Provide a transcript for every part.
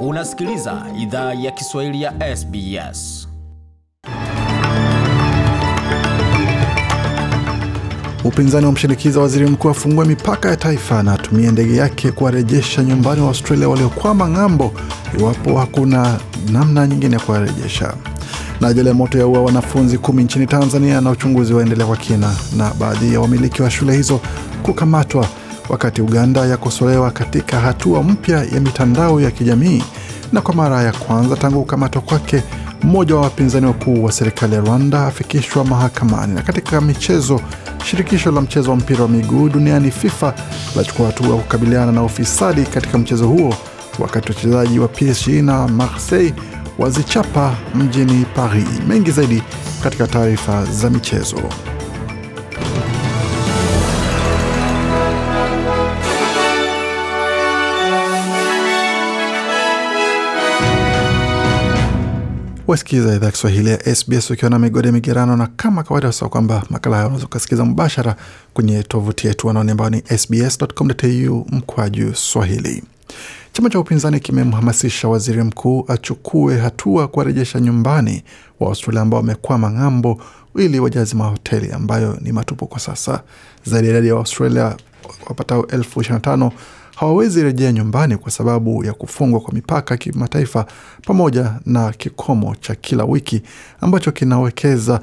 Unasikiliza idhaa ya Kiswahili ya SBS. Upinzani wamshinikiza waziri mkuu afungue mipaka ya taifa na atumie ndege yake kuwarejesha nyumbani wa Australia waliokwama ng'ambo, iwapo hakuna namna nyingine ya kuwarejesha. Na ajali ya moto yaua wanafunzi kumi nchini Tanzania, na uchunguzi waendelea kwa kina, na baadhi ya wamiliki wa shule hizo kukamatwa wakati Uganda yakosolewa katika hatua mpya ya mitandao ya kijamii na kwa mara ya kwanza tangu kukamatwa kwake mmoja wa wapinzani wakuu wa serikali ya Rwanda afikishwa mahakamani. Na katika michezo, shirikisho la mchezo wa mpira wa miguu duniani FIFA lachukua hatua kukabiliana na ufisadi katika mchezo huo, wakati wachezaji wa PSG na Marseille wazichapa mjini Paris. Mengi zaidi katika taarifa za michezo. wasikiza idhaa Kiswahili ya SBS ukiwa na migode migerano, na kama kawaida sa kwamba makala haya unaweza ukasikiza mubashara kwenye tovuti yetu anaoni ambao ni sbs.com.au mkwaju swahili. Chama cha upinzani kimemhamasisha waziri mkuu achukue hatua kuwarejesha nyumbani wa Australia ambao wamekwama ng'ambo ili wajazi mahoteli ambayo ni matupu kwa sasa. Zaidi ya idadi ya Waustralia wapatao elfu ishirini na tano hawawezi rejea nyumbani kwa sababu ya kufungwa kwa mipaka kimataifa pamoja na kikomo cha kila wiki ambacho kinawekeza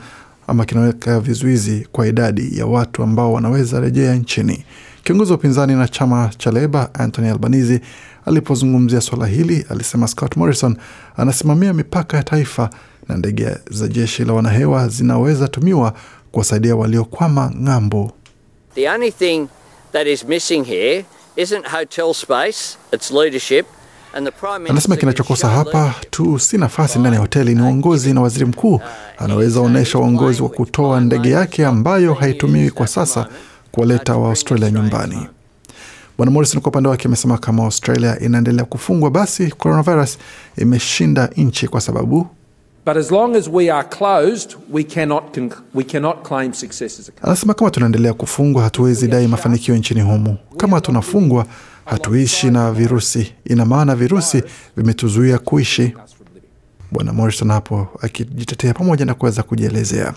ama kinaweka vizuizi kwa idadi ya watu ambao wanaweza rejea nchini. Kiongozi wa upinzani na chama cha Leba Anthony Albanese alipozungumzia swala hili alisema Scott Morrison anasimamia mipaka ya taifa na ndege za jeshi la wanahewa zinaweza tumiwa kuwasaidia waliokwama ng'ambo. The only thing that is missing here Anasema kinachokosa hapa tu si nafasi ndani ya hoteli, ni uongozi, na waziri mkuu uh, anaweza uh, onyesha uongozi wa kutoa ndege yake ambayo haitumiwi kwa sasa kuwaleta Waaustralia nyumbani. Bwana Morrison kwa upande wake amesema kama Australia inaendelea kufungwa, basi coronavirus imeshinda nchi kwa sababu Anasema kama tunaendelea kufungwa, hatuwezi dai mafanikio nchini humu. Kama tunafungwa, hatuishi na virusi, ina maana virusi vimetuzuia kuishi. Bwana Morrison hapo akijitetea pamoja na kuweza kujielezea.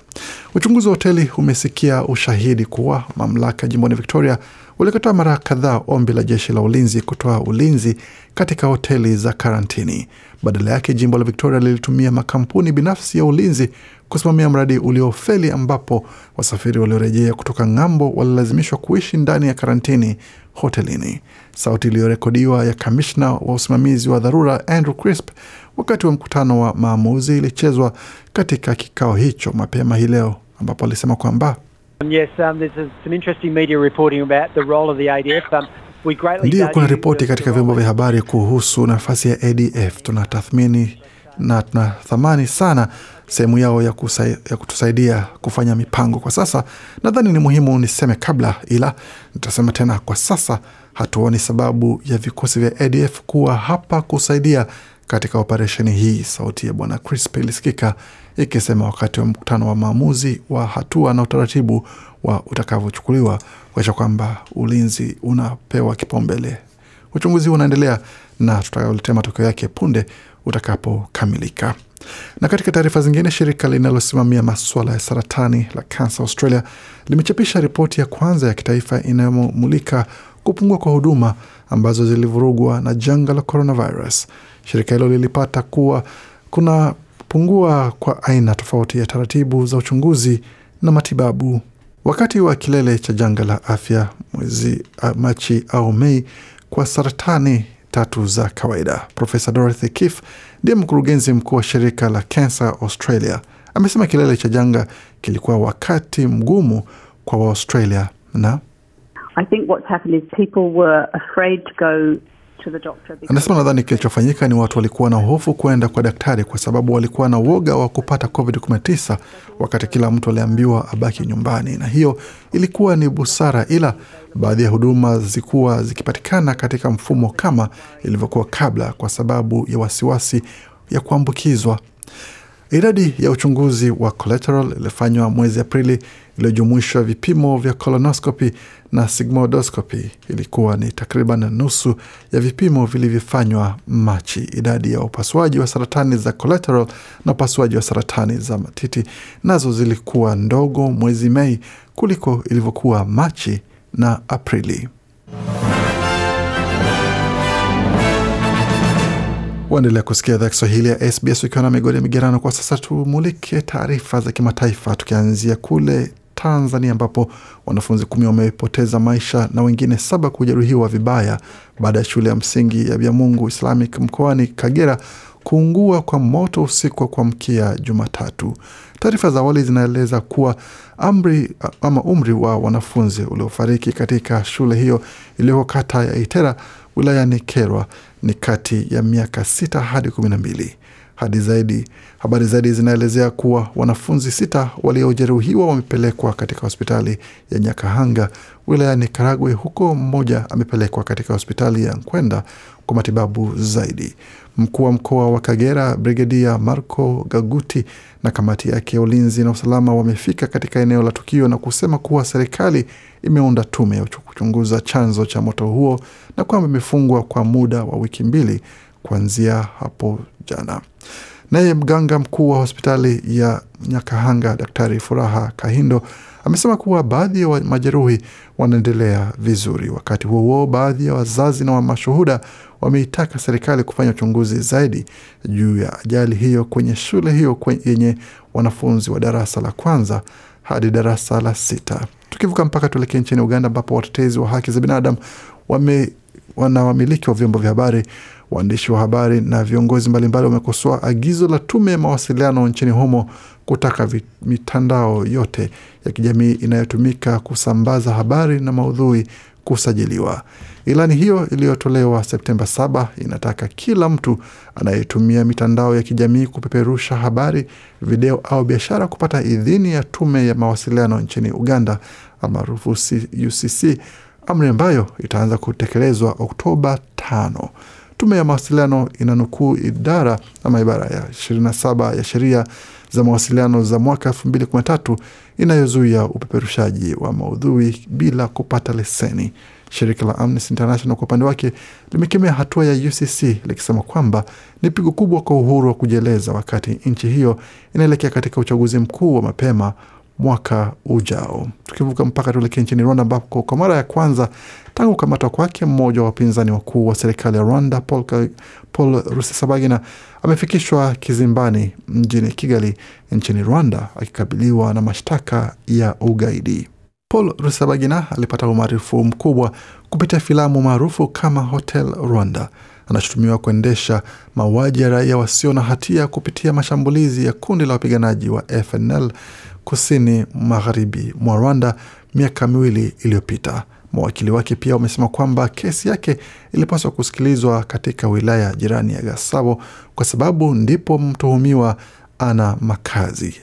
Uchunguzi wa hoteli umesikia ushahidi kuwa mamlaka jimboni Victoria walikataa mara kadhaa ombi la jeshi la ulinzi kutoa ulinzi katika hoteli za karantini. Badala yake, jimbo la Victoria lilitumia makampuni binafsi ya ulinzi kusimamia mradi uliofeli, ambapo wasafiri waliorejea kutoka ng'ambo walilazimishwa kuishi ndani ya karantini hotelini. Sauti iliyorekodiwa ya kamishna wa usimamizi wa dharura Andrew Crisp wakati wa mkutano wa maamuzi ilichezwa katika kikao hicho mapema hii leo, ambapo alisema kwamba Um, yes, um, um, Ndiyo, kuna ripoti katika vyombo vya habari kuhusu nafasi ya ADF. Tunatathmini na tunathamani sana sehemu yao ya, kusai, ya kutusaidia kufanya mipango kwa sasa. Nadhani ni muhimu niseme kabla, ila nitasema tena kwa sasa, hatuoni sababu ya vikosi vya ADF kuwa hapa kusaidia katika operesheni hii, sauti ya bwana Crisp ilisikika ikisema wakati wa mkutano wa maamuzi wa hatua na utaratibu wa utakavyochukuliwa kuakisha kwamba ulinzi unapewa kipaumbele. Uchunguzi unaendelea na tutaletea matokeo yake punde utakapokamilika. Na katika taarifa zingine, shirika linalosimamia masuala ya saratani la Cancer Australia limechapisha ripoti ya kwanza ya kitaifa inayomulika kupungua kwa huduma ambazo zilivurugwa na janga la coronavirus. Shirika hilo lilipata kuwa kuna pungua kwa aina tofauti ya taratibu za uchunguzi na matibabu. Wakati wa kilele cha janga la afya mwezi Machi au Mei kwa saratani tatu za kawaida, Profesa Dorothy Kiff ndiye mkurugenzi mkuu wa shirika la Cancer Australia amesema kilele cha janga kilikuwa wakati mgumu kwa Waaustralia na Anasema nadhani kilichofanyika ni watu walikuwa na hofu kwenda kwa daktari kwa sababu walikuwa na uoga wa kupata COVID-19 wakati kila mtu aliambiwa abaki nyumbani, na hiyo ilikuwa ni busara, ila baadhi ya huduma zikuwa zikipatikana katika mfumo kama ilivyokuwa kabla, kwa sababu ya wasiwasi ya kuambukizwa. Idadi ya uchunguzi wa collateral iliyofanywa mwezi Aprili iliyojumuishwa vipimo vya colonoscopy na sigmoidoscopy ilikuwa ni takriban nusu ya vipimo vilivyofanywa Machi. Idadi ya upasuaji wa saratani za collateral na upasuaji wa saratani za matiti nazo zilikuwa ndogo mwezi Mei kuliko ilivyokuwa Machi na Aprili. Waendelea kusikia idhaa Kiswahili ya SBS ukiwa na migodi ya migerano. Kwa sasa tumulike taarifa za kimataifa, tukianzia kule Tanzania ambapo wanafunzi kumi wamepoteza maisha na wengine saba kujeruhiwa vibaya baada ya shule ya msingi ya Byamungu Islamic mkoani Kagera kuungua kwa moto usiku wa kuamkia Jumatatu. Taarifa za awali zinaeleza kuwa amri, ama umri wa wanafunzi uliofariki katika shule hiyo iliyoko kata ya Itera wilayani Kerwa ni kati ya miaka sita hadi kumi na mbili hadi zaidi. Habari zaidi zinaelezea kuwa wanafunzi sita waliojeruhiwa wamepelekwa katika hospitali ya Nyakahanga wilayani Karagwe, huko mmoja amepelekwa katika hospitali ya Nkwenda kwa matibabu zaidi. Mkuu wa mkoa wa Kagera Brigedia Marco Gaguti na kamati yake ya ulinzi na usalama wamefika katika eneo la tukio na kusema kuwa serikali imeunda tume ya kuchunguza chanzo cha moto huo na kwamba imefungwa kwa muda wa wiki mbili kuanzia hapo jana. Naye mganga mkuu wa hospitali ya Nyakahanga Daktari Furaha Kahindo amesema kuwa baadhi ya wa majeruhi wanaendelea vizuri. Wakati huo huo, baadhi ya wazazi na wa mashuhuda wameitaka serikali kufanya uchunguzi zaidi juu ya ajali hiyo kwenye shule hiyo yenye wanafunzi wa darasa la kwanza hadi darasa la sita. Tukivuka mpaka tuelekee nchini Uganda, ambapo watetezi wa haki za binadamu wame wana wamiliki wa vyombo vya habari, waandishi wa habari na viongozi mbalimbali wamekosoa agizo la tume ya mawasiliano nchini humo kutaka mitandao yote ya kijamii inayotumika kusambaza habari na maudhui kusajiliwa. Ilani hiyo iliyotolewa Septemba 7 inataka kila mtu anayetumia mitandao ya kijamii kupeperusha habari, video au biashara kupata idhini ya tume ya mawasiliano nchini Uganda amaarufu UCC, amri ambayo itaanza kutekelezwa Oktoba 5. Tume ya mawasiliano inanukuu idara ama ibara ya 27 ya sheria za mawasiliano za mwaka 2013 inayozuia upeperushaji wa maudhui bila kupata leseni. Shirika la Amnesty International kwa upande wake limekemea hatua ya UCC likisema kwamba ni pigo kubwa kwa uhuru wa kujieleza, wakati nchi hiyo inaelekea katika uchaguzi mkuu wa mapema mwaka ujao. Tukivuka mpaka tuelekee nchini Rwanda, ambapo kwa mara ya kwanza tangu kukamatwa kwake mmoja wa wapinzani wakuu wa serikali ya Rwanda Paul, Paul Rusesabagina amefikishwa kizimbani mjini Kigali nchini Rwanda akikabiliwa na mashtaka ya ugaidi. Paul Rusesabagina alipata umaarufu mkubwa kupitia filamu maarufu kama Hotel Rwanda. Anashutumiwa kuendesha mauaji ya raia wasio na hatia kupitia mashambulizi ya kundi la wapiganaji wa FNL kusini magharibi mwa Rwanda miaka miwili iliyopita. Mawakili wake pia wamesema kwamba kesi yake ilipaswa kusikilizwa katika wilaya jirani ya Gasabo kwa sababu ndipo mtuhumiwa ana makazi.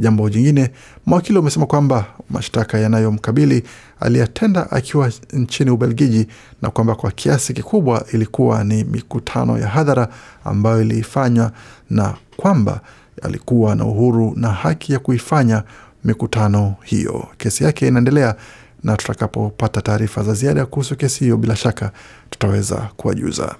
Jambo jingine, mawakili wamesema kwamba mashtaka yanayomkabili aliyatenda akiwa nchini Ubelgiji na kwamba kwa kiasi kikubwa ilikuwa ni mikutano ya hadhara ambayo ilifanywa na kwamba alikuwa na uhuru na haki ya kuifanya mikutano hiyo. Kesi yake inaendelea na tutakapopata taarifa za ziada kuhusu kesi hiyo, bila shaka tutaweza kuwajuza.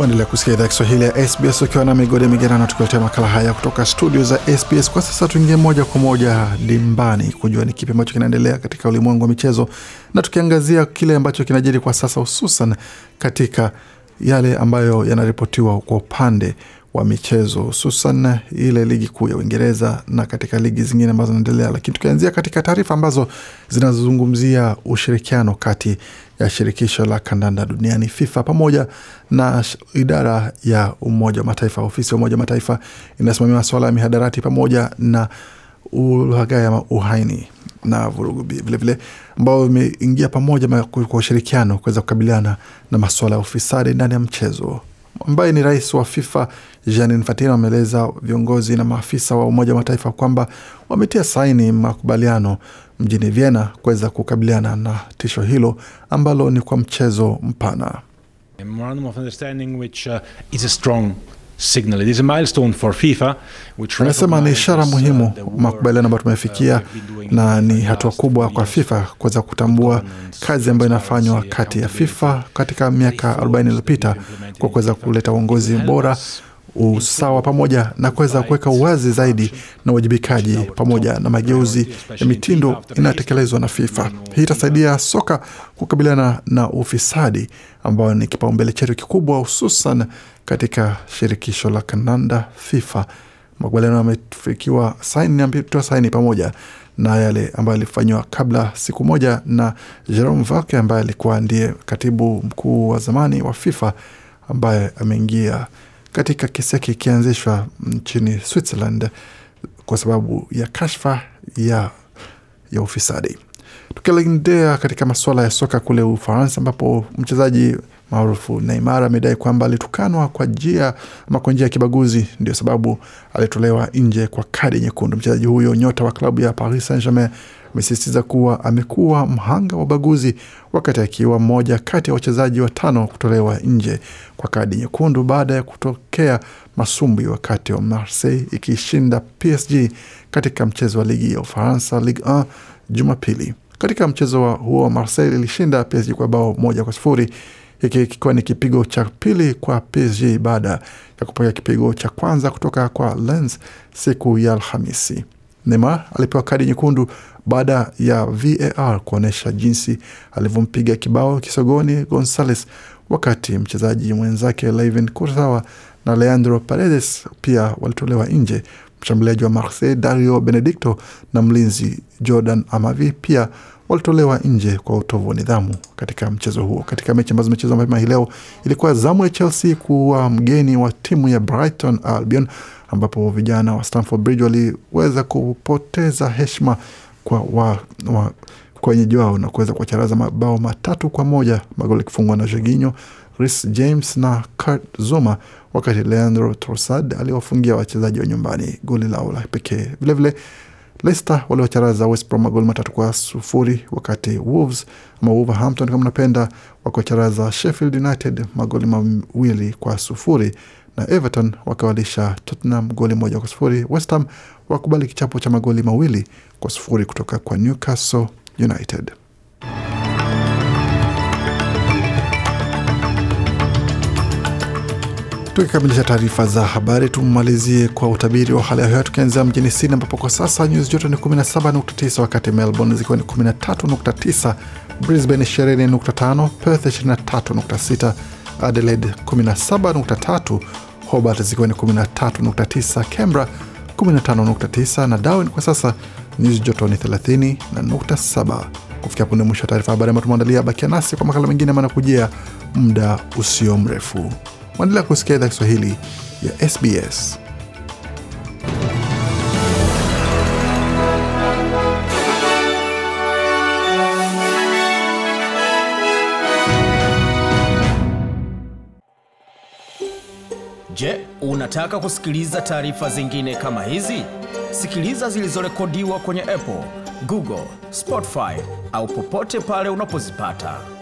Waendelea kusikia idhaa Kiswahili ya SBS ukiwa na migodi ya migerano, tukiletea makala haya kutoka studio za SBS. Kwa sasa tuingie moja kwa moja dimbani kujua ni kipi ambacho kinaendelea katika ulimwengu wa michezo, na tukiangazia kile ambacho kinajiri kwa sasa, hususan katika yale ambayo yanaripotiwa kwa upande wa michezo hususan ile ligi kuu ya Uingereza na katika ligi zingine ambazo zinaendelea, lakini tukianzia katika taarifa ambazo zinazozungumzia ushirikiano kati ya shirikisho la kandanda duniani FIFA pamoja na idara ya Umoja wa Mataifa. Ofisi ya Umoja wa Mataifa inasimamia masuala ya mihadarati pamoja na uhagaya uhaini na vurugu vilevile, ambao vimeingia pamoja kwa ushirikiano kuweza kukabiliana na masuala ya ufisadi ndani ya mchezo ambaye ni rais wa FIFA Gianni Infantino ameeleza viongozi na maafisa wa Umoja wa Mataifa kwamba wametia saini makubaliano mjini Vienna kuweza kukabiliana na tisho hilo ambalo ni kwa mchezo mpana. Uh, Anasema ni ishara uh, muhimu makubaliano ambayo tumefikia, uh, na ni hatua kubwa kwa FIFA kuweza kutambua kazi ambayo inafanywa kati ya FIFA katika miaka 40 iliyopita kwa kuweza kuleta uongozi bora usawa pamoja na kuweza kuweka uwazi zaidi na uwajibikaji pamoja na mageuzi ya mitindo inayotekelezwa na FIFA. Hii itasaidia soka kukabiliana na ufisadi ambao ni kipaumbele chetu kikubwa, hususan katika shirikisho la kananda FIFA. Makubaliano yamefikiwa saini, ametoa saini pamoja na yale ambayo alifanyiwa kabla siku moja na Jerome Valcke ambaye alikuwa ndiye katibu mkuu wa zamani wa FIFA ambaye ameingia katika kesi yake ikianzishwa nchini Switzerland kwa sababu ya kashfa ya, ya ufisadi. Tukielekea katika masuala ya soka kule Ufaransa, ambapo mchezaji maarufu Neymar amedai kwamba alitukanwa kwa njia ama kwa njia ya kibaguzi, ndio sababu alitolewa nje kwa kadi nyekundu. Mchezaji huyo nyota wa klabu ya Paris Saint Germain amesisitiza kuwa amekuwa mhanga wa ubaguzi wakati akiwa mmoja kati ya wachezaji watano kutolewa nje kwa kadi nyekundu baada ya kutokea masumbwi wakati wa Marseille ikishinda PSG katika mchezo wa ligi ya Ufaransa Ligue 1 Jumapili. Katika mchezo wa huo Marseille ilishinda PSG kwa bao moja kwa sifuri, hiki kikiwa ni kipigo cha pili kwa PSG baada ya kupokea kipigo cha kwanza kutoka kwa Lens siku ya Alhamisi. Neymar alipewa kadi nyekundu baada ya VAR kuonyesha jinsi alivyompiga kibao kisogoni Gonzales, wakati mchezaji mwenzake lvin Kurzawa na Leandro Paredes pia walitolewa nje. Mshambuliaji wa Marseille Dario Benedicto na mlinzi Jordan Amavi pia walitolewa nje kwa utovu wa nidhamu katika mchezo huo. Katika mechi ambazo zimechezwa mapema hii leo, ilikuwa zamu ya Chelsea kuwa mgeni wa timu ya Brighton Albion, ambapo vijana wa Stamford Bridge waliweza kupoteza heshima kwa wa, wa, wenyeji wao na kuweza kuwacharaza mabao matatu kwa moja, magoli akifungwa na Jorginho, ris James na Kurt Zouma, wakati Leandro Trossard aliwafungia wachezaji wa nyumbani goli lao la pekee. Vilevile Leicester waliocharaza West Brom magoli matatu kwa sufuri wakati Wolves ama Wolverhampton kama napenda wakiocharaza Sheffield United magoli mawili kwa sufuri na Everton wakawalisha Tottenham goli moja kwa sufuri. West Ham wakubali kichapo cha magoli mawili kwa sufuri kutoka kwa Newcastle United. Tukikamilisha taarifa za habari, tumalizie kwa utabiri wa hali ya hewa, tukianzia mjini Sydney ambapo kwa sasa nyuzi joto ni 17.9, wakati Melbourne zikiwa ni 13.9, Brisbane 20.5, Perth 23.6, Adelaide 17.3, Hobart zikiwa ni 13.9, Canberra 15.9 na Darwin kwa sasa nyuzi joto ni 30 Kufikia punde mwisho wa taarifa habari ambayo tumeandalia, bakia nasi kwa makala mengine manakujia muda usio mrefu waendelea kusikia idhaa Kiswahili ya SBS. Je, unataka kusikiliza taarifa zingine kama hizi? Sikiliza zilizorekodiwa kwenye Apple, Google, Spotify au popote pale unapozipata.